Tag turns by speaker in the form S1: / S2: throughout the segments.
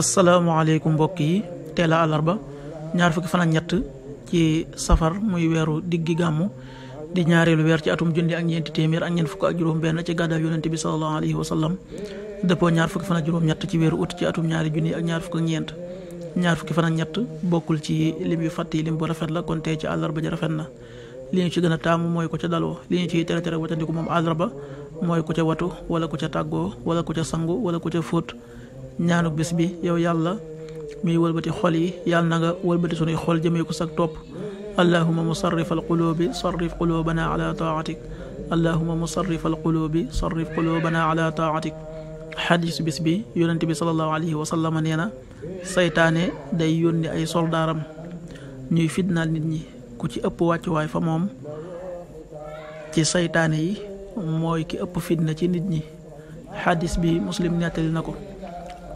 S1: asalaamaaleykum mbokk yi teel a àllarba ñaar fukki fan ak ñett ci safar muy weeru diggi gàmmu di ñaareelu weer ci atum junni ak ñeenti téeméer ak ñeent fukk ak juróom-benn ci gàddaay yonent bi sallallahu alayhi wa sallam dëppoo ñaar fukki fan juróom-ñett ci weeru ut ci atum ñaari junni ak ñaar fukk ak ñeent ñaar fukki fan ñett bokkul ci lim yu fàtt yi lim bu rafet la kon tey ci àllarba ji rafet na li ñu ci gën a taamu mooy ko ca daloo li ñu ciy tere tere watandiku moom àllarba mooy ku ca wala ku ca tàggoo wala ku ca sangu wala ku ca fóot ñaanu bis bi yow yàlla miy wëlbati xol yi yàlla na nga wëlbati sunuy xol jëmee ko sag topp allahuma musarrif alqulubi sarrif qulubana ala taatik allahuma musarrif alqulubi sarrif qulubana ala taatik xadisu bis bi yonente bi salallahu alayhi wa sallama nee na saytaane day yónni ay soldaaram ñuy fitnaal nit ñi ku ci ëpp wàccuwaay fa moom ci seytaane yi mooy ki ëpp fitna ci nit ñi xadis bi muslim nettali na ko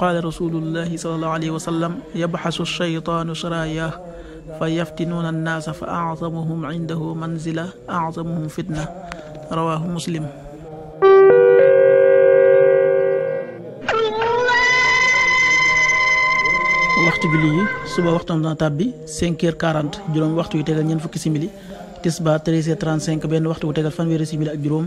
S1: qaala rasulullahi salallahu alayhi wa sallam yabxasu shaytaanu sarayaah fa yaftinuuna annaasa fa azamuhum indahu manzila azamuhum fitna rawaahu muslim waxtu bi lii suba waxtam dana tàbbi 5 heures 40 juróom waxtu yu tegal ñeent fukki simili tisba 13 heures 35 benn waxtu wu tegal fanweeri simili ak juróom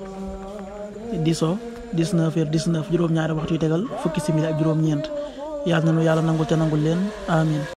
S1: diso 19 heures 19 juróom-ñaari waxtu yu tegal fukki simili ak juróom-ñeent yàlla na yàlla nangul te nangul leen amin